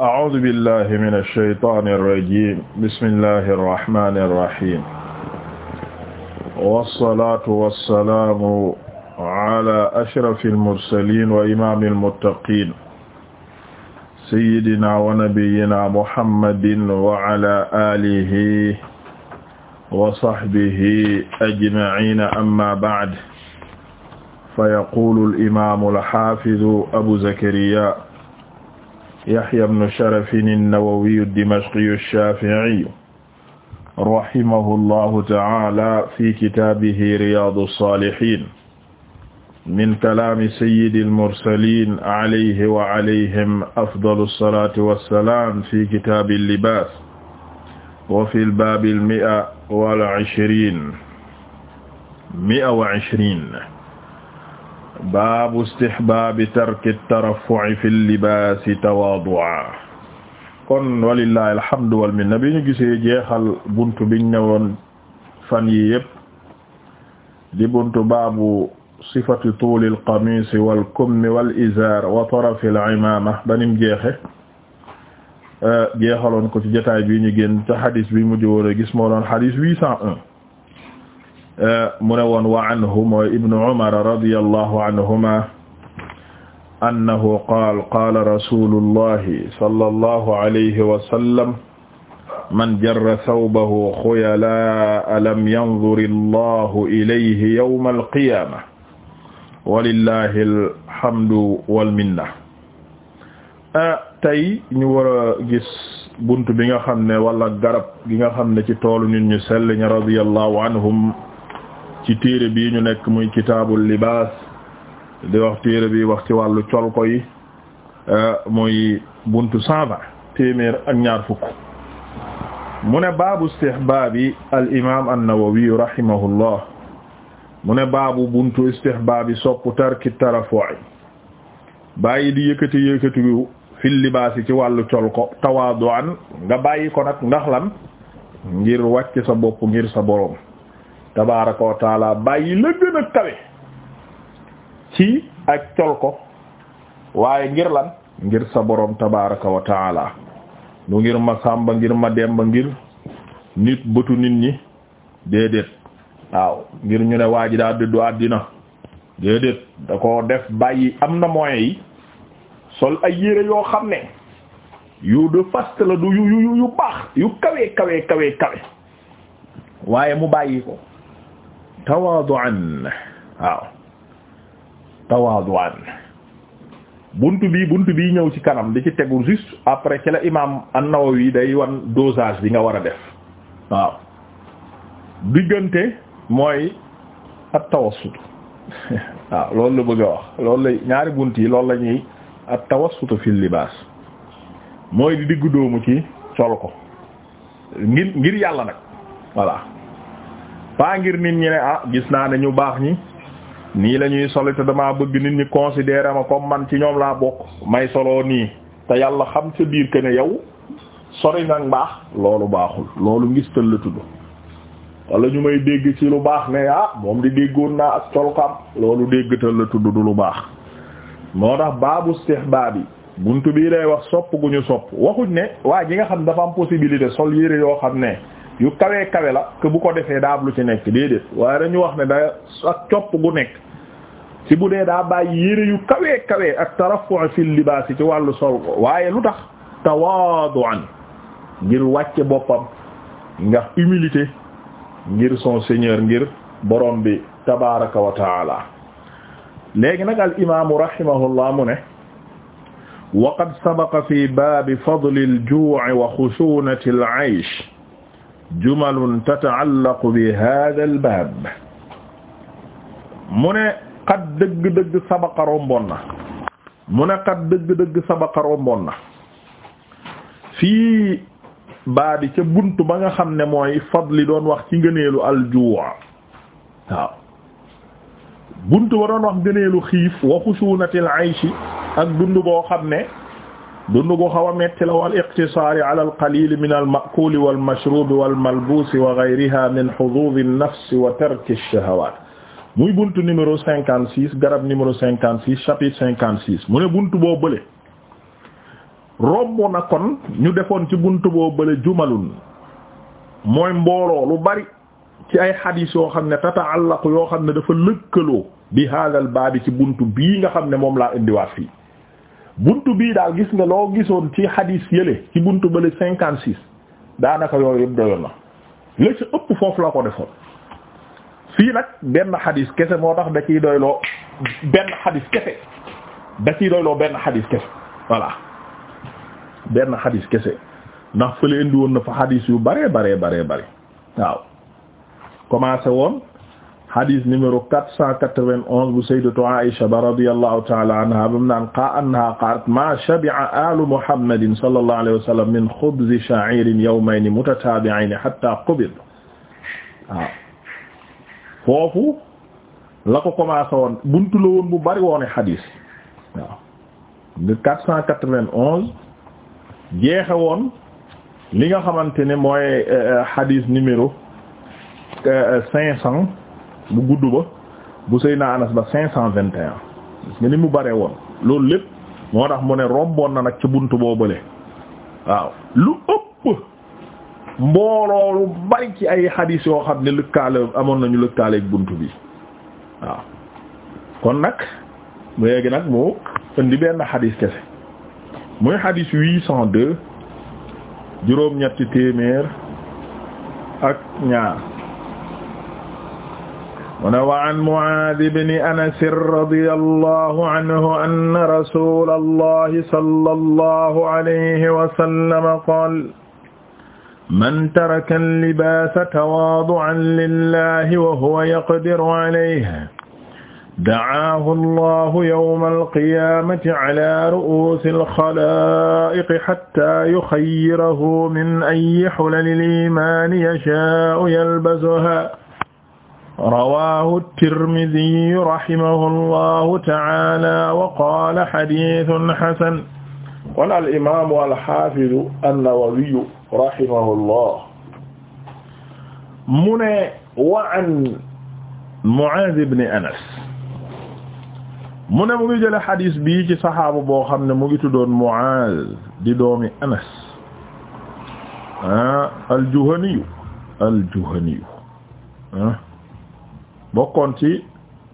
a'uudu billahi mina shaytaani rajiim bismillahi rahmaani rahiim wassalaatu wassalaamu ala ashrafil mursaliin wa imaamil muttaqiin sayyidinaa wa nabiyyinaa muhammadin wa ala aalihi wa sahbihi ajma'iina amma ba'd fa yaquulu al-imaamu al-haafidu abu zakariyaa yahya ibnu sharafin an-nawawiyu ad-dimashqiyu ash-shafi'iyu rahimahu llahu ta'ala fi kitaabihi riyaadu as-saalihiin min kalaami sayyidi al-mursaliin alayhi wa alayhim afdalu as-salaati was-salaam fi kitaabi al-libaas wa fi al-baabi al-mi'a wal-'ishriin mi'a wa 'ishriin baabu istihbaabi tarki tarafu'i fi libaasi tawaadu'a kon walillahi alhamdu wal minna bi ñu gisee jeexal buntu biñ ñëwoon fan yi yëpp di buntu sifat sifati tuuli alqamisi wal kummi wal izaar wa tarafi al imaama banim jeexe jeexaloon ko ci jotaay bi ñu génn ca xadis bi mujj woon a gis moo doon xadis 801 Eh, mu ne woon wa anhu mooy ibnu umar radiyallahu anhuma annahu qaal qaala rasulullahi sallallahu alayhi wa sallam man jarra thawbahu xuyalaa lam yanzur allahu ilayhi yawma alqiyama walillahi alhamdu walminna eh, tey ñu war a gis bunt bi nga xam ne wala garab gi nga xam ne ci toolu nit ñu sell ñi radiyallahu anhum ci téere bi ñu nekk muy kitaabul libaas di wax téere bi wax ci wàllu col yi euh, muy buntu cent vingt téeméer ak ñaar fukk mu ne baabu istihbaabi al imaam an-Nawawi rahimahullah mu ne baabu buntu istihbaabi soppu tarki tarafu'i bàyyi di yëkkati yëkkatiwu fil libaasi ci wàllu col ko tawaadu'an nga bàyyi ko nag ndax lan ngir wàcc sa bopp ngir sa boroom tabaaraka wa taala bàyyi la gën a kawe ci ak col ko waaye ngir lan ngir sa boroom tabaaraka wa taala lu ngir ma sàmba ngir ma demba ngir nit bëtu nit ñi déedéet waaw ngir ñu ne waa ji daa dëddu àddina déedéet da ko def bàyyi am na moyens yi sol ay yére yoo xam ne yu de faste la du yu yu yu baax yu kawe kawe kawe kawe waaye mu bàyyi ko tawaadu'an waaw tawaadu'an buntu bi buntu bi ñëw ci kanam di ci tegu juste après ci la imaam an-Nawawi day wan dosage bi nga war a def waaw diggante mooy at-tawassut waaw loolu la bëgg wax loolu la ñaari bunt yi loolu lañuy a at-tawassut fi libaas mooy di diggu dóomu ci sol ko ngir ngir yàlla nag voilà pas ngir nit ñi ne ah gis naa ne ñu baax ñi nii lañuy sol solo te damaa bëgg nit ñi considérer ma comme man ci ñoom laa bokk may solo nii te yàlla xam sa biir que ne yow sori nga baax loolu baaxul loolu ngis tëll tudd wala ñu may dégg ci lu baax ne ah moom di déggoon naa ak colkam loolu dégg tëll tudd du lu baax moo tax baabu istihbaab yi buntu bii day wax sopp gu ñu sopp waxuñ ne waa ji nga xam dafa am possibilité sol yére yoo xam ne yu kawee kawe la que bu ko defee daa lu ci nekk déedéet waaye dañu wax ne da ak copp gu nekk ci bu dee daa bàyyi yére yu kawee kawee ak tarafu' fil libaas ci wàllu sol waaye lu tax tawaadu'an ngir wàcce boppam ndax humilité ngir son seigneur ngir borom bi tabaraka wa taala léegi nag al mu ne wa qad sabaqa fi baabi fadli al-juu' wa xushuunati al-'aysh jumalun tataallaqu bi hada al baab mu ne xat dëgg-dëgg sabaqa rombon na mu ne xat dëgg-dëgg sabaqa rombon na fii baabi ca bunt ba nga xam ne mooy li doon wax ci ngëneelu aljuu waaw bunt ba doon wax ngëneelu xiif wa xushunatil ayshi ak dund boo xam ne dundu gu xaw a metti la wal iqtisaari ala alqalili min almaakuli walmashrubi walmalbuusi wa gayriha wa tarki lchahawaat muy buntu numéro cinquante six garab numéro cinquante six chapitre cinquante six mu ne buntu boo bële romb na kon ñu defoon ci bunt boo bële jumalun mooy mbooloo lu bari ci ay xadiis yoo xam ne tataallaqu yoo xam ne dafa lëkkaloo bi haadal baabi ci bunt bi nga xam ne moom laa indiwaat fii buntu bii daal gis nga loo gisoon ci xadiis yële ci buntu bële cinquante six daanaka yooyu yëpp doyoon na la ci ëpp foofu la ko defoon fii nag benn xadiis kese moo tax da ciy doyloo benn xadiis kese da ciy doyloo benn xadiis kese voilà benn xadiis kese ndax fële indi woon na fa xadiis yu bare bare bare bare waaw commencé woon hadis numéro 491 bu sayyidatu Aisha ba radiyallahu ta'ala anha bam naan qaa annaha qaalat ma shabi'a alu muhammadin sallallahu alayhi wa sallam min khubzi sha'irin yawmayni mutataabi'ayni hatta qubid waaw foofu la ko commencé woon buntu la woon bu bari woone hadis waaw de 491 jeexe woon li nga xamante ne mooy euh, euh, hadis numéro 500 euh, bu gudd ba bu Seydina Anas ba cinq cent vingt et un nga ni mu bare woon loolu lépp moo tax mu ne romboon na nag ci bunt boo bële waaw lu ëpp mbooloo bari ci ay xadiis yoo xam ne lëkkaale amoon nañu lëkkaaleeg bunt bi waaw kon nag mu léegi nag mu indi benn xadiis kese muy xadiis huit cent deux juróom-ñetti téeméer ak ñaar mu ne wa an Mu'aaz ibn Anas radiyallahu anhu anna rasuulallahi sallallahu alayhi wa sallam qaala man taraka al-libaasa tawaadu'an lillahi wa huwa yaqdiru alayhi da'aahu allahu yawma al-qiyaamati ala ru'uusi al-xalaa'iqi hattaa yuxayyirahu min ayyi hulali al-iimaani yashaa'u yalbasuhaa rawaahu tirmidi rahimahullahu ta'ala wa qaala hadiisun hasan kon al imaamu al haafidu an-nawawiyu rahimahullah mu ne wa an Mu'aaz ibn Anas mu ne mu ngi jële xadis bii ci saxaabu boo xam ne mu ngi tuddoon Mu'aaz di doomi Anas ah al-Juhaniyu al-Juhaniyu ah bokkoon ci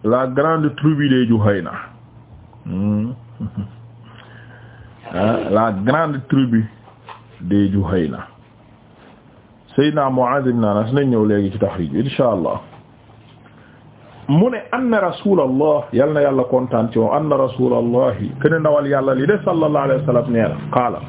la grande tribu de Juhayna hmm. ah, la grande tribu de Juhayna Seydina Muaz ibn Anas na ñëw léegi ci taxriij bi insha allah mu ne anna rasulallah yal na yàlla kontaan ci moom anna rasulallah kene ndawal yàlla li de sallallahu alayhi wa sallam qaala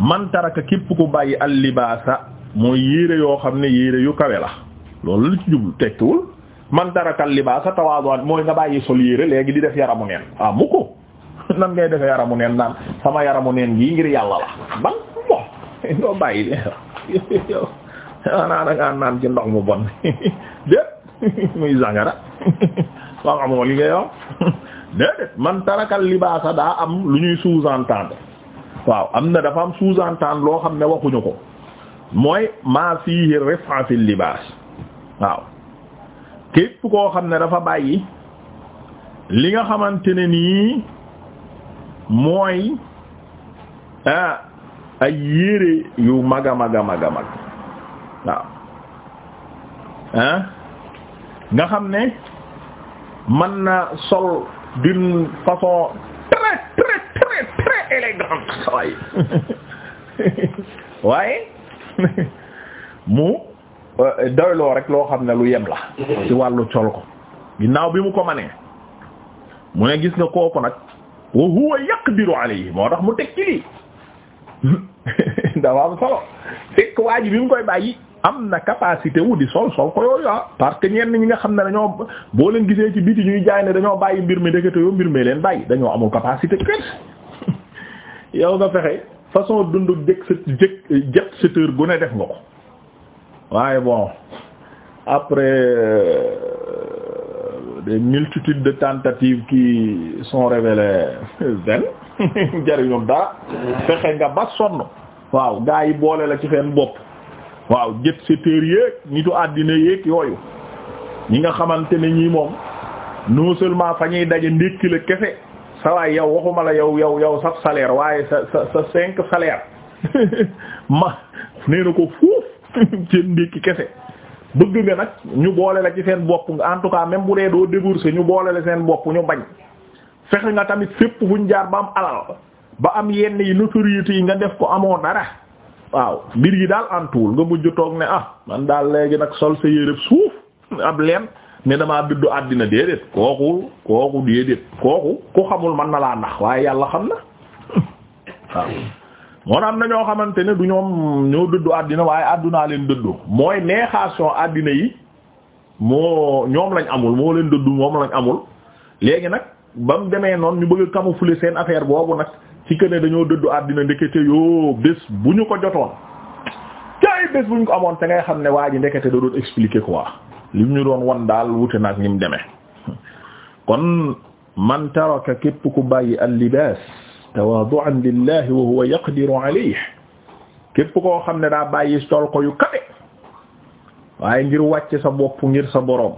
man taraka képp ku bàyyi al libaasa yére yoo xam ne yére yu kawe la loolu li ci jublu tekkiwul man darakal libaasa tawaaduwaan mooy nga bàyyi sol léegi di def yaramu neen ah mu nan ngay defee yaramu neen naan sama yaramu neen gii ngir yàlla la ban bon doo bàyyi yow xanaa da ngaa naan ci ndox mu bon déet muy sangara waaw li nga yow déedéet daa am lu ñuy sous-entendre waaw am na dafa am sous loo xam ne waxuñu ko mooy maa fiihi rif'a fil libaas waaw képp koo xam ne dafa bàyyi li nga xamante ne nii mooy ah, ay yére yu mag a mag a mag waaw ah nga xam ne mën na sol d'une façon très très très très élégante waaye waaye mu Euh, doyloo rek loo xam ne lu yem la ci wàllu col ko ginnaaw bi mu ko manee mu ne gis nga kooku nag wa huwa yaqdiru yi moo tax mu teg ci lii dafa am solo fekk waa bi mu koy bàyyi am na capacité wu di sol sol ko yooyu ah parce que ñenn ñi nga xam ne dañoo boo leen gisee ci biti ñuy jaay ne dañoo bàyyi mbir mi dëkk te yoo mbir mi leen bàyyi dañoo amul capacité kër yow nga fexe façon dund jëkk sa jëkk jet seteur gu ne def nga ko waaye bon après euh, des multitudes de tentatives qui son révélées zen jariñul dara fexe nga ba sonn waaw gaa yi boole la ci seen bopp waaw jët seteur yéeg nitu àddina yéeg yooyu ñi nga xamante ne ñii moom non seulement fa ñuy daje ndékki la kese sa waay yow waxuma la yow yow yow sax salaire waaye sa sa sa cinq salaire ma nee ko fuuf seen ndékki kese bëgg nga nag ñu boole la ci seen bopp nga en tout cas même bu dee doo débourser ñu boole la seen bopp ñu bañ fexe nga tamit fépp fu ñu jaar ba am alal ba am yenn yi notoriété yi nga def ko amoo dara waaw mbir yi daal antuwul nga mujj toog ne ah man daal léegi nag sol sa yére suuf ab leen ne damaa biddu àddina déedéet kooku kooku déedéet kooku ku xamul man na laa nax waaye yàlla xam na waaw moo am na ñoo xamante ne du ñoom ñoo dëddu àddina waaye àddunaa leen dëddu mooy neexation àddina yi moo ñoom lañ amul moo leen dëddu moom lañ amul léegi nag bam demee noonu ñu bëgg a camoufler seen affaire boobu nag ci que ne dañoo dëddu àddina ndekete yoo bés bu ñu ko jotoon cay bés bu ñu ko amoon te ngay xam ne waa ji ndekete da doon expliquer quoi li mu ñu doon wan daal wute nag ni mu demee kon man taraka képp ku bàyyi al libaas tawaadu'an lillahi wa huwa yaqdiru alayhi képp koo xam ne daa bàyyi sol ko yu kawe waaye ngir wàcce sa bopp ngir sa boroom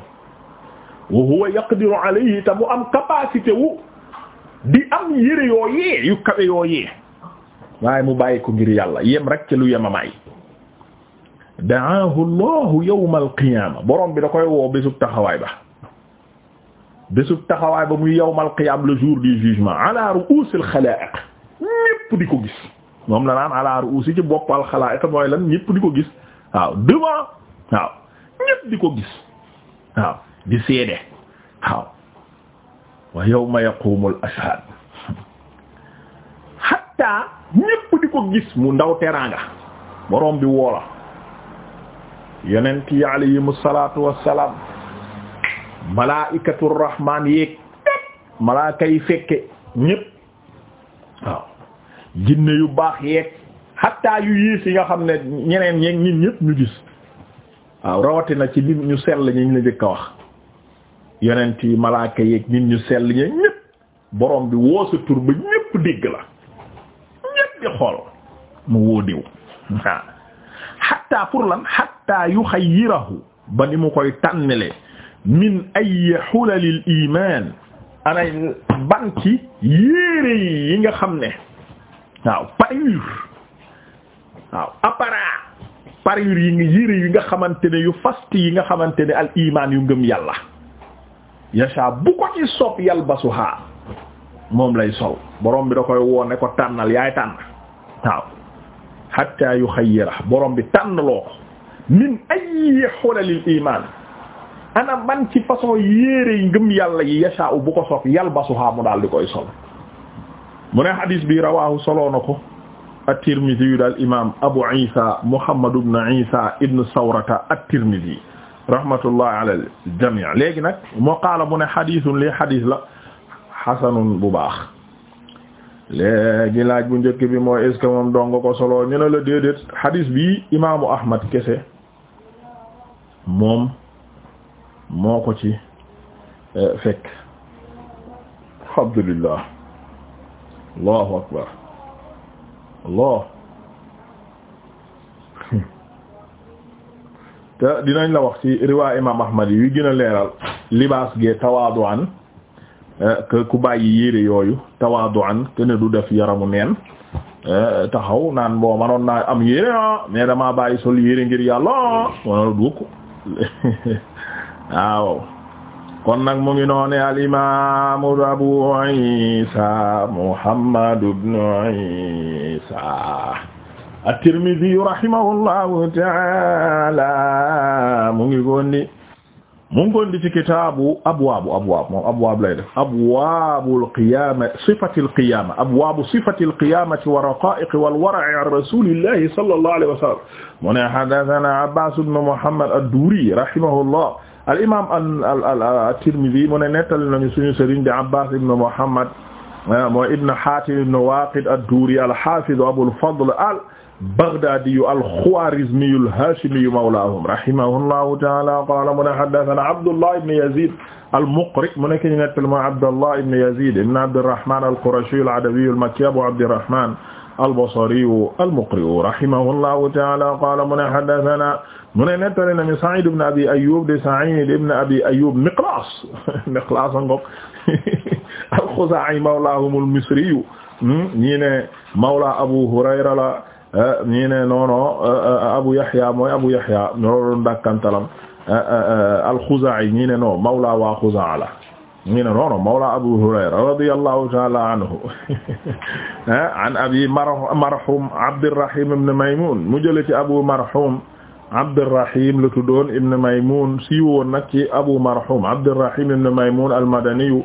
wa huwa yaqdiru alayhi te wu di am yére yoo yee yu kawe yoo yee waaye mu bàyyi ko ngir yàlla yem rek ci lu yemamaay da'aahu allahu yawma alqiyaama boroom bi da koy woo bésub taxawaay ba bésub taxawaay ba muy yawmal qiyaam le jour du jugement ala ru'uusil xalaa'iq ñépp di ko gis moom la naan ala ru'uusi ci boppal xalaa'iq mooy lan ñépp di di seede waaw wa yawma yaquumul ashhaad mu ndaw teraanga borom bi woola yonent yi alayhimu salaatu wassalaam malaa'ikatu rahmaan yéeg malaaka yi fekke ñépp waaw jinne yu baax yéeg xattaa yu yiis yi nga xam ne ñeneen ñeeg ñin ñépp ñu gis waaw rawatina ci nit ñu sell ñi ñu la jëkk a wax yonent yi malaaka yéeg nit ñu sell ñeeg ñépp borom bi woo sa tur ba ñépp dégg la ñépp di xool mu woo diw waaw xattaa pour lan xattaa yu xayyirahu ba ni mu koy tànnile min ay xulalil iman anay ban ci yéere yi nga xam ne waaw parure waaw appareil parure yi nga yére yi nga xamante ne yu fast yi nga xamante ne al iman yu ngëm yàlla yasha bu ko ci sopp yalbasuha moom lay sol borom bi da koy woon ko tànnal yaay tànn waaw hatta yuxayyira borom bi tànn min ay xulalil iman ana man ci façon yéere ngëm yàlla yi yasha'u bu ko sof yalbasuha mu daal di koy sol mu ne hadis bi rawahu soloo na ko at-Tirmidhi yu daal imam Abu Isa Muhammad ibn Isa ibn Sawrata at-Tirmidhi rahmatullah ala al-jami' léegi nag moo qaala mu ne hadisun li hadis la hasanun bu baax léegi laaj bu njëkk bi mooy est moom dong ko solo ñu la déedéet hadis bi imaamu Ahmad kese moom moo ko ci eh, fekk alhamdulillah allahu akbar allah te dinañ la wax ci riwaay imam ahmad yu gën a leeral libaas gee tawaadu'an eh, que ku bàyyi yére yooyu tawaadu'an te ne du def yaramu neen eh, taxaw naan boo manoon naa am yére ah damaa bàyyi sol yére ngir yàlla ah wala du waaw kon nag mu ngi noone al imaam Abu Isa Muhammad ibn Isa at-Tirmidhi rahimahullahu ta'ala mu ngi gondi mu ngi gondi ci kitaabu abwaabu abwaab moom abwaab lay def abwaabul qiyaama sifatil qiyaama abwaabu sifatil qiyaamati wa raqaa'iqi wal wara'i an rasuulillahi sallallahu alayhi wa sallam mu ne haddathanaa Abbaas ibn Muhammad ad-Duuri rahimahullah al imam at-Tirmidhi mu ne nettali nañu suñu sëriñ bi Abbas ibn Muhammad ah, mooy ibn Hatim ibn Waqid ad-Duri al-Hafiz Abul Fadl al-Baghdadi al-Khwarizmi al-Hashimi mawlahum rahimahullahu ta'ala qala mu ne haddathana Abdullah ibn Yazid al-Muqri mu nekk ñu nettali mooy Abdullah ibn Yazid ibn Abdirrahman al-Qurashi al-Adawi al-Makki Abu Abdirrahman al-Basri al-Muqri rahimahullahu ta'ala qala mu ne haddathana mu ne nettali nañu Sa'id ibn Abi Ayyub de Sa'id ibn Abi Ayyub Miqlas Miqlas a ngok al-Khuzaa'i mawlaahum al-Misri hmm? ñii ne mawla Abu Hurayra la eh, ñii ne noono eh, eh, Abu Yahya mooy Abu Yahya ñooloon dakkantalam al-Khuzaa'i ñii ne no mawla waa Khuzaa la ñii ne noono mawla Abu Hurayra radiyallahu ta'ala anhu an Abi Marhum Abdurrahim ibn Maymun mu jële ci Abu Marhum Abdurrahim la tuddoon ibn Maymun siiw woon nag ci Abu Marhum Abdurrahim ibn Maymun al-Madaniyu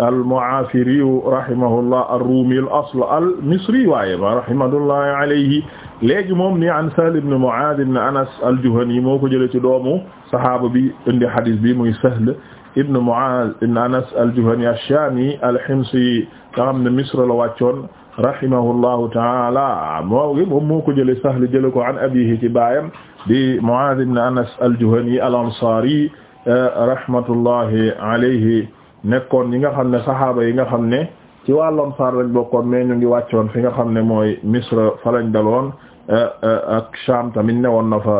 al-Mu'afiriyu rahimahullah ar-Rumi al-asl al-Misri waaye rahimatullahi alayhi léegi moom ni an Sahl ibn Mu'adh ibn Anas al-Juhani moo ko jëlee ci doomu saxaaba bi indi xadis bi muy Sahl ibn Mu'adh ibn Anas al-Juhani ash-Shami al-Himsi nga xam ne Misr la wàccoon rahimahullahu ta'ala moo moom moo ko jëlee Sahl jëlee ko an abiihi ci baayam di Muaaz ibn Anas al-Juhani al-Ansaari eh, rahmatullahi alayhi nekkoon ñi nga xam ne saxaaba yi nga xam ne ci wàllu Ansaar lañ bokkoon mais ñu ngi wàccoon fi nga xam ne mooy Misra fa lañ daloon eh, eh, ak Shaam tamit newoon na fa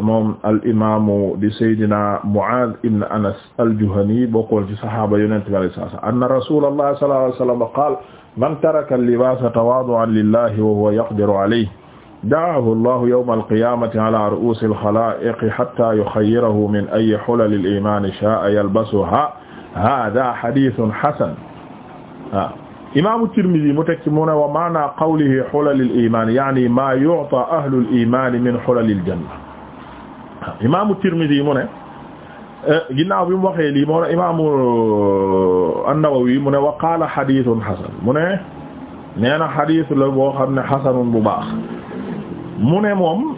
moom al imaamu di Seydina Muaaz ibn Anas al-Juhani bokkoon ci saxaaba Yonent bi sallallahu alayhi wa sallam anna Rasuulallahi sallallahu alayhi wa sallam qaala man taraka al-libaasa tawaadu'an lillahi wa huwa yaqdiru alayhi da'ahu llahu yawma alqiyamati ala ru'usi alxala'iqi hatta yuxayyirahu min ayyi hulali al-imani sha'a yalbasuha hada hadithun hasan waaw imaamu Tirmidi mu teg ci mu ne wa maana qawlihi hulali al-iman yaani ma yu'ta ahlu al-iman min hulali al-janna waaw imaamu Tirmidi mu ne eh, ginnaaw bi mu waxee lii moo ne imaamu eh, an-Nawawi mu ne wa qaala hadithun hasan mu ne nee na hadith la boo xam ne hasanun bu baax mu ne moom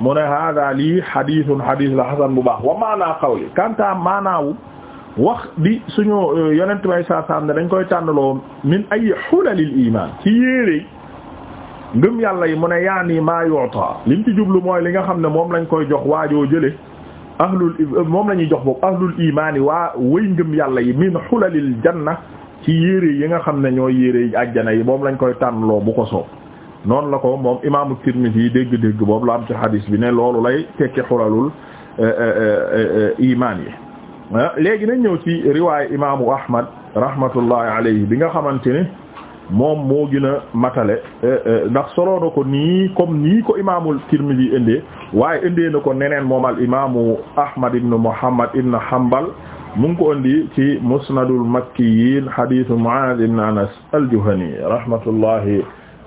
mu ne hada lii xadiisun xadiis la xasan bu baax wa maanaa xawli kanta maanaawu wax di suñu euh, yonent bay saa saam ne dañ koy tànnaloo min ay xulalil iman ci yéere ngëm yàlla yi mu ne yaani maa yu'ta liñ ci jublu mooy li nga xam ne moom lañ koy jox waajoo jële ahlul moom la ñuy jox boobu ahlul imaan yi waa wëy ngëm yàlla yi min xulalil janna ci yéere yi nga xam ne ñooy yéere yi àjjana yi moom lañ koy tànnaloo bu ko soob noonu la ko moom imaamu Tirmidhi dégg-dégg boobu la am bi ne loolu lay tekki xulalul eh, eh, eh, imaan yi ah, léegi nañ ñëw ci riwaayu imaamu Ahmad rahmatullahi alayhi bi nga xamante ne moom moo gën a matale ndax soloo na ko nii comme nii ko imaamul Tirmidhi indee waaye indee na ko neneen moom al imaamu Ahmad ibn Muhammad ibn Hanbal mu ko indi ci musnadul makkiyin hadithu Mu'adh ibn Anas al-Juhani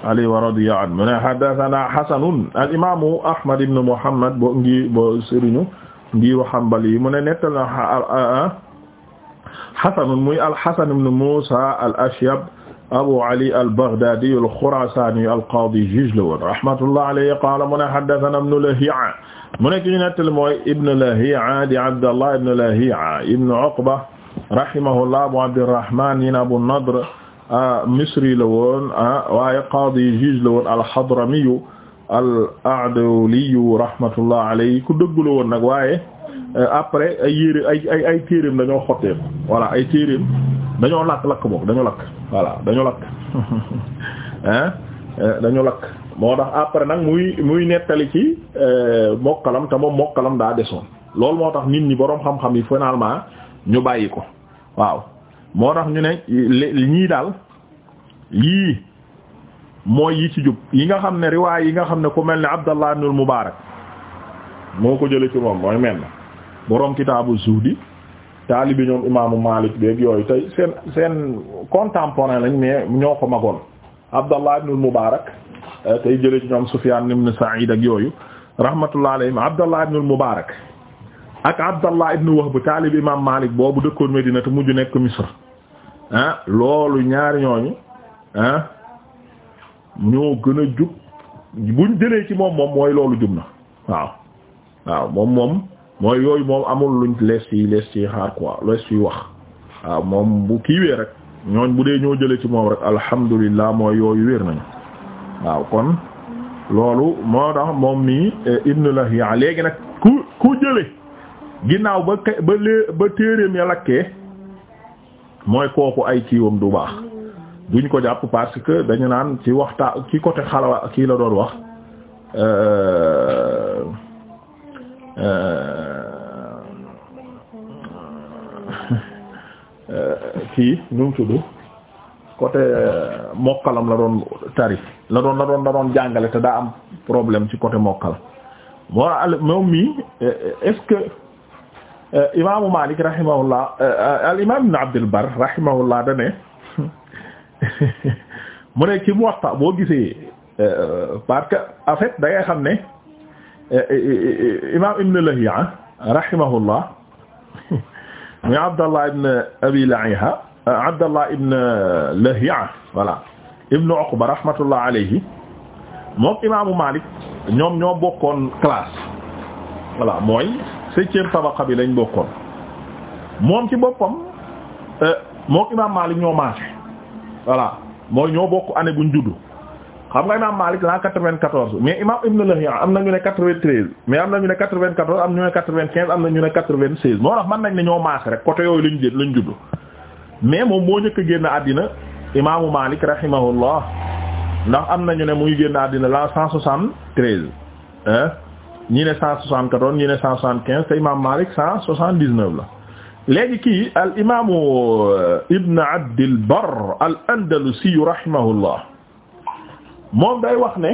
ali wa radiya an mu ne haddathana hasanun al imamu ahmad ibn muhammad bo ngi bo sëriñu ngi wa hanbali mu ne nettal hasanun muy al hasan ibn musa al ashyab abu ali al baghdadi al khurasani al qadi juge la woon rahmatullah alayhi qala mu ne haddathana ibn lahi'a mu ne ki ñu nettal mooy ibn lahi'a di abdallah ibn lahi'a ibn uqba rahimahullah abu abdirrahman yin abu nadr Ah, misri la woon ah, waaye qaadi juge la woon alxadramiyu al aadoliyu rahmatullah alayhi ku dëggu la woon nag waaye eh, après ay yére ay ay téereem dañoo xotteeku voilà ay téereem dañoo lakk lakk boobu dañoo lakk voilà dañoo lakk hein eh, eh, dañu lakk moo tax après nag muy muy nettali ci mokkalam te moom mokkalam daa desoon loolu moo tax nit ñi boroom xam-xam yi finalement ñu bàyyi ko waaw moo tax ñu ne ñii daal yii mooy yi ci jub yi nga xam ne riwaay yi nga xam ne ku mel ne Abdallah ibn al-Mubarak moo ko jële ci moom mooy mel na boroom kitaabu zuhdi taalibi ñoom imaamu Malik beeg yooyu tey seen seen contemporain lañ mais ñoo ko magoon Abdallah ibn al-Mubarak euh, tey jële ci ñoom Sufyan ibn Sa'id ak yooyu rahmatullah alayhim Abdallah ibn al-Mubarak ak Abdallah ibn Wahb taalib imam Malik boobu dëkkoon Medina te mujj nekk Misr Ah, loolu ñaari ñooñu ah ñoo gën a jub buñ jëlee ci moom moom mooy loolu jub na waaw waaw moom moom mooy yooyu moom amul luñ lees yi lees yi xaar quoi lees yi wax waaw moom bu kiiwee rek ñooñ bu dee ñoo jëlee ci moom rek alhamdulilah mooy yooyu wér nañu waaw kon loolu moo tax moom mii eh, ibnu lahiya léegi nag ku ku jële ginnaaw ba ba lée ba téeréem ya lakkee mooy kooku ay kiiwam du baax duñ ko jàpp parce que dañu naan ci waxta ci côté xalawa kii la doon wax euh, euh, kii nu mu tudd côté euh, mokkalam la doon tari la doon la doon la doon jàngale te daa am problème ci côté mokkal moom mii est Euh, imaamu Malik rahimahullah euh, al imaam ibn Abdul Barr rahimahullah da ne mu ne ci Muwatta boo gisee euh, parce que en fait da ngay xam ne imaam ibn Lahiya rahimahullah muy Abdallah ibn Abi Lahiya Abdallah ibn Lahiya voilà ibn Uqba rahmatullah alayhi moom imaamu Malik ñoom ñoo bokkoon classe voilà mooy. septième tabaqa bi dañ bokkoon moom ci boppam euh, moo imaam Maalik ñoo maase voilà mooy ñoo bokk année buñ juddu xam nga imaam Maalik la quatre-vingt-quatorze mais imaam Ibn Lahiya am na ñu ne quatre-vingt-treize mais am na ñu ne quatre-vingt-quatorze am na ñu ne quatre-vingt-quinze am na ñu ne quatre-vingt-seize moo tax mën nañ ne ñoo maase rek côté yooyu lañ jël lañ juddu mais moom moo njëkk a génn àddina imaamu Maalik rahimahullah ndax am na ñu ne muy génn àddina la cent soixante-treize hein ñi ne cent soixante-quatorze ñi ne cent soixante-quinze te imam Malik cent soixante-dix-neuf la léegi kii al imaamu euh, Ibn Abdil Barr al Andalusi rahimahullah moom day wax ne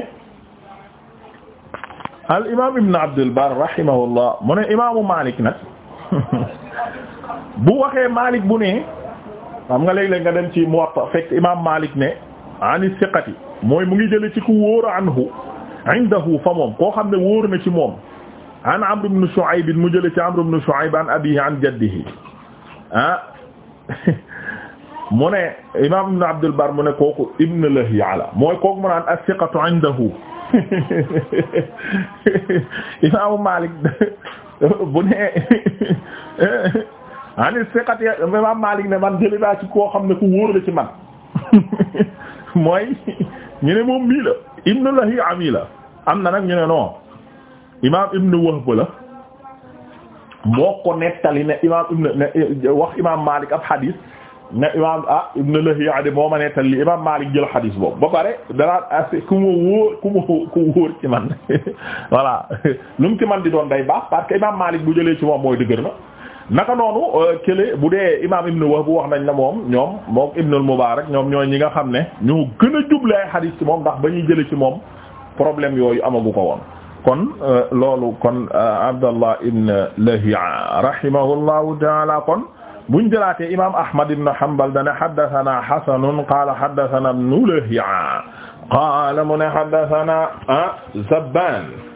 al imaam Ibn Abdil Barr rahimahullah mu ne imaamu Malik nag bu waxee Malik bu ne xam nga léeg-léeg nga dem ci Muwatta fekk imaam Malik ne ani siqati mooy mu ngi jële ci ku wóor anhu indahu fa moom koo xam ne wóor na ci moom an Amr ibn Shu'ayb mu jële ci Amr ibn Shu'ayb an abihi an jaddihi ah mu ne imam ibn Abdul Bar mu ne kooku ibn lahi ala mooy kooku mu naan as-siqatu indahu imaamu Malik bu ne ani siqati imam Malik ne man jële naa ci koo xam ne ku wóor la ci man mooy ñu ne moom mii la ibnu lahi ami la am na nag ñu ne non imaam ibnu Wahb la moo ko nettali ne imaam ibnu wax imaam Maalik ab xadiis ne imaam ah ibnu lahi adi moo ma imaam Maalik jël xadiis boobu ba pare danaa as ah, ku ma wóor ku ma ku wóor ci man di doon day baax parce que imaam Maalik bu jëlee ci moom mooy dëgër naka noonu euh, kële bu dee imaam Ibn Wahb bu wax nañ la moom ñoom moom Ibn al-Mubarak ñoom ñooy ñi nga xam ne ñoo gën a jublu ay xadiis ci moom ndax ba ñuy jële ci moom problème yooyu amagu ko woon kon euh, loolu kon euh, Abdallah ibn Lahi'a rahimahullahu ta'ala kon buñ jëlaatee imaam Ahmad ibn Hanbal dana haddathana Hasanun qaala haddathana ibn Lahi'a qaala mu ne haddathana ah, Zabban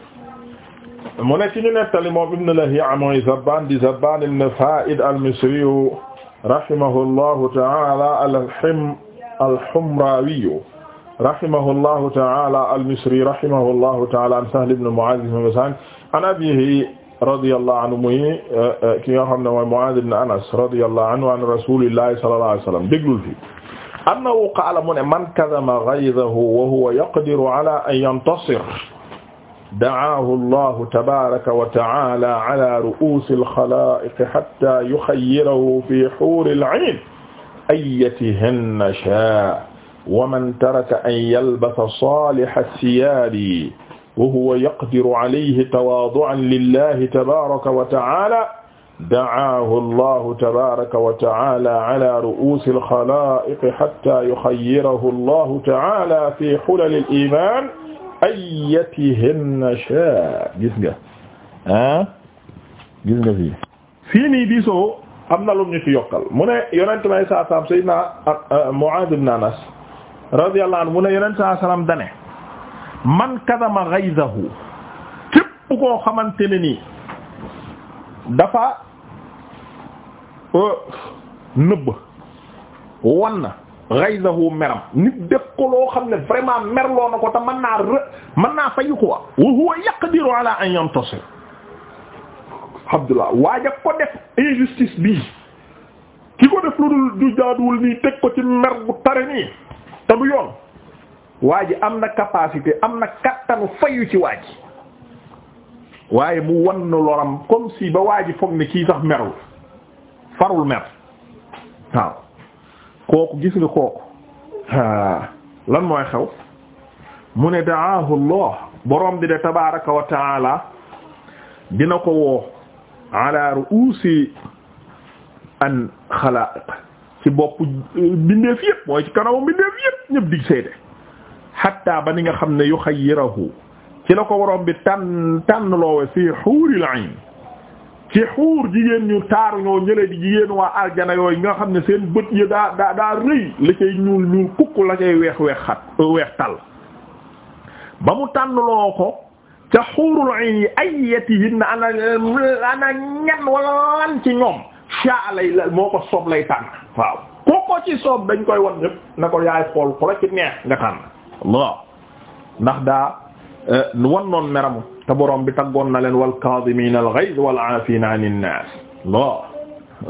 mu ne ci ñu nettali moom ibn Lahiya mooy Zabbaan di Zabbaan ibn Faa'id al-Misri rahimahullahu ta'ala al-Him al-Humrawi rahimahullahu ta'ala al-Misri rahimahullahu ta'ala an Sahl ibn Mu'aaz ibn Sa'd an abiihi radiyallahu anhu muy eh, eh, ki nga xam ne mooy Mu'aaz ibn Anas radiyallahu anhu an rasuulillahi sallallahu alayhi wa sallam déglul fi annahu qaala mu ne man kadhama ghayzahu wa huwa yaqdiru ala an yantasir da'aahu Allahu tabaaraka wa ta'aala ala ru'uusi al-xalaa'iq hattaa yuxayyirahu fii huuril 'ayn ayyatihinna shaa'a wa man taraka an yalbasa saaliha siyaabi wa huwa yaqdiru alayhi tawaadu'an lillahi tabaaraka wa ta'aala da'aahu Allahu tabaaraka wa ta'aala ala ru'uusi al-xalaa'iq hattaa yuxayyirahu Allahu ta'aala fii hulali al-iimaan ayatihinna sha gis nga ah gis nga fii fii nii diisoo am na lum ñu ci yokkal mu ne yonent may saa saam sayyidina ah, Mu'adh ibn Anas radiyallahu anhu mu ne yonent saa salaam dane man kadama ghayzahu képp koo xamante ne nii dafa euh, nëbb wan na ghayzahu meram nit def ko loo xam ne vraiment merloo na ko te mën naa rë mën naa fayu ko wa huwa yaqdiru ala an yantasir Abdullah waaja ko def injustice bii ki ko def lu dul du jaaduwul nii teg ci mer bu tare nii te du yoon waaji am na capacité am na kattanu fayu ci waa waaye mu wan na loram comme si ba waa ji foog ne kii sax merul farul mer waaw kooku gis nga kooku lan mooy xew mu ne da'aahu Allah borom bi de tabaaraka wa ta'ala dina ko woo ala ru'uusi an xalaa'iq ci bopp bindeef yépp mooy ci kanamu bindeef yépp ñépp di seede hatta ba ni nga xam ne yuxayyirahu ci la ko borom bi tànn tànn loowe fii huuril ayn ci xuur jigéen ñu taaru ñoo ñële jigéen waa aljana yooyu nga xam ne seen bët yi daa daa rëy la cay ñuul ñuul kukk la cay weex weex xat weex tal ba mu tànnloo ko ca xuurul ayn yi ayyatihin na ana ana ñan wala lan ci ñoom shaa lay moo ko soob lay tànn waaw kooko ci soob dañ koy wan ñëpp na ko yaay xool ko la ci neex nga tànn Allah ndax daa eh, wan noon meramu te borom bi taggoon na leen wal kaadimiina al ghayz wal aafiina anin naas Allah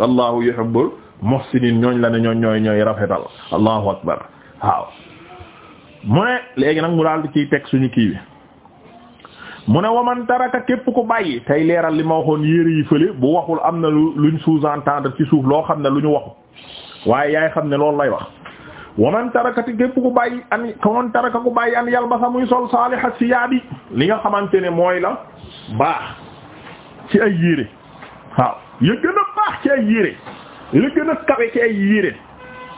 wallahu yuhibbul muhsinin ñooñ la ne ñooñ ñooy ñooy rafetal allahu akbar waaw mu ne léegi nag mu daal di ciy teg suñu kii mu ne waman taraka képp ku bàyyi tey leeral li ma waxoon yére yi bu waxul am na lu luñ sous ci suuf loo xam ne lu ñu waxu waaye yaay xam ne loolu lay wax wa man tarakati képp ku bàyyi an kaman taraka ku bàyyi an yalbasa muy sol saaliha siyaabi li nga xamante ne mooy la baax ci ay yére waaw ya gën a baax ci ay yére la gën ci ay yére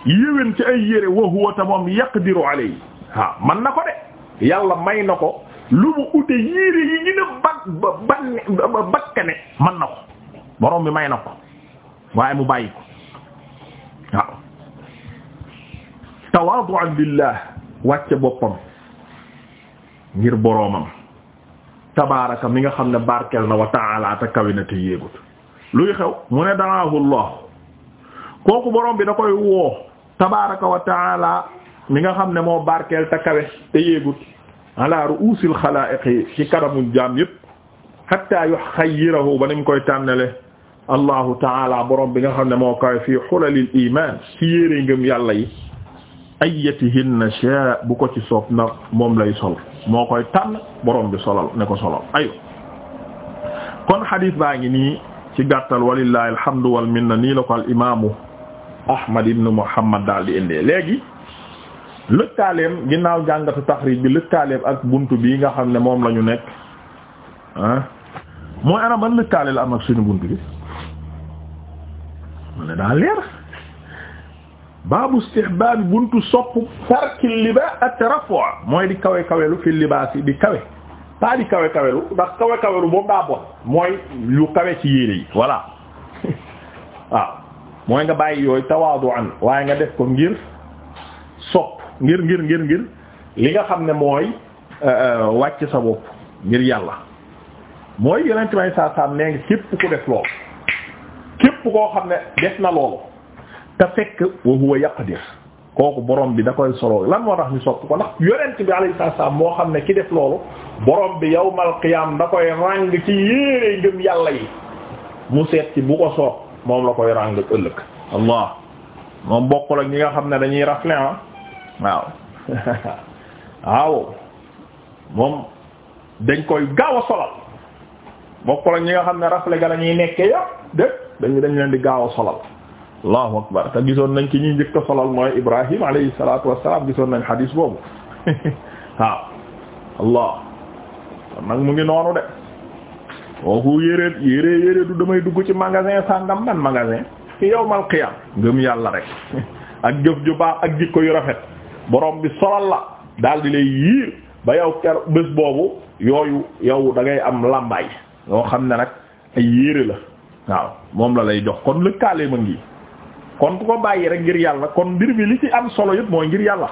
yéwén ci ay yére wa huwa ta moom yaqdiru alayhi waaw man na ko de yàlla may na ko lu mu ute yére yi gën a ba man na ko borom bi may na ko waaye mu bàyyi tawaadu'an lillah wàcce boppam ngir boroomam tabaaraka mi nga xam ne barkel na wa ta'ala ta kawina te yéegut luy xew mu ne da'aahu Allah kooku boroom bi da koy woo tabaaraka wa ta'ala mi nga xam ne moo barkeel ta kawe te yéegut ala ru'uusil xalaa'iqi ci kanamu jaam yépp hatta yuxayyirahu ba ni mu koy tànnale allahu taala borom bi nga xam ne moo kawe fii xulalil iman ci yéere ngëm yàlla yi ayyatihinna sha bu ko ci soob na moom lay sol moo koy tànn boroom bi solal ne ko solal ayo kon xadiis baa ngi nii ci gàttal walillahi alhamdu wal minna nii la ko al imaamu ahmad ibn muhammad daal di indee léegi lëkkaaleem ginnaaw jàngatu taxriij bi lëkkaaleem ak bunt bii nga xam ne moom la ñu nekk ah mooy ana ban la am ak suñu buntu bi mu ne daa leer baabu istihbaabi buntu soppu farki liba ak tarafu mooy di kawe kawelu fi libaas yi di kawe pas di kawe kawelu ndax kawe kawelu boobu daa bon mooy yu kawe ci yére yi voilà waaw mooy nga bàyyi yooyu tawaadu an waaye nga def ko ngir sopp ngir ngir ngir ngir li nga xam ne mooy euh, euh, wàcc sa bopp ngir yàlla mooy yeneen may saa saa nee képp ku def loolu képp koo xam ne def na loolu te fekk wa huwa yaqdir kooku borom bi da koy solo lan moo tax ñu sopp ko ndax yonent bi alayhi salaam moo xam ne ki def loolu borom bi yawmal qiyaam da koy ràng ci yéere ngëm yàlla yi mu seet ci bu ko soob moom la koy ràng ëllëg allah moom bokkul ak ñi nga xam ne dañuy rafle ah waaw waaw moom dañ koy gaaw a solal bokkul ak ñi nga xam ne rafle ga la ñuy nekkee yëpp dé dañu dañ leen di gaaw a solal allahu akbar te gisoon nañ ci ñuy njëkk a solal mooy ibrahim alayhi salatu wassalam gisoon nañ xadiis boobu waaw allah kon nag mu ngi noonu de kooku yére yére yére du damay dugg ci magasin sàngam ban magasin ci yawmal qiyam gëm yàlla rek ak jëf ju ak jikko yu rafet boroom bi solal la daal lay yiir ba yow ker bés boobu yooyu yow da ngay am làmbaay yoo xam ne nag ay yére la waaw moom la lay jox kon lëkkaale ma ngi kon ku ko bàyyi rek ngir yàlla kon mbir bi li ci am solo yëpp mooy ngir yàlla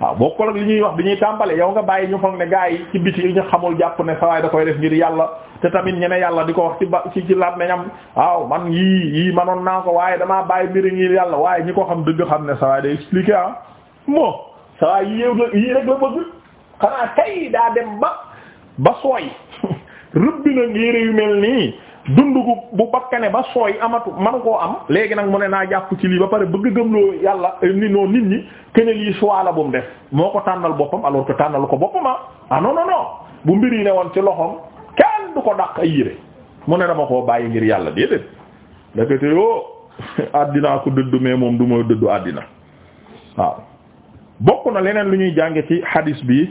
waaw bokkul ak li ñuy wax bi ñuy tàmbale yow nga bàyyi ñu foog ne gaa yi ci biti yi ñu xamul jàpp ne sawaay da koy def ngir yàlla te tamit ñene yàlla di ko wax ci ba ci ci laab nañam waaw man yii yii manoon naa ko waaye damaa bàyyi mbiri ngir yàlla waaye ñi ko xam dëgg xam ne sawaay day expliquer ah moo sawaay yi yéw yii rek la bëgg xanaa kay daa dem ba ba sooy rëbbi na ngir dund bu bakkane ba sooy amatu manu koo am léegi nag mu ne naa jàpp ci lii ba pare bëgg gëmloo yàlla ni noo nit ñi kene yi choix la bu mu def moo ko tànnal boppam alors que tànnal ko boppam ah, ah non non bu mbir yi ne woon ci loxoom kenn du ko dàq ay yére mu ne dama koo bàyyi ngir yàlla déedéet dakate yoo àddinaa ko dëdd mais moom du ma dëddu àddina waaw bokk na leneen lu ñuy jànge ci hadis bi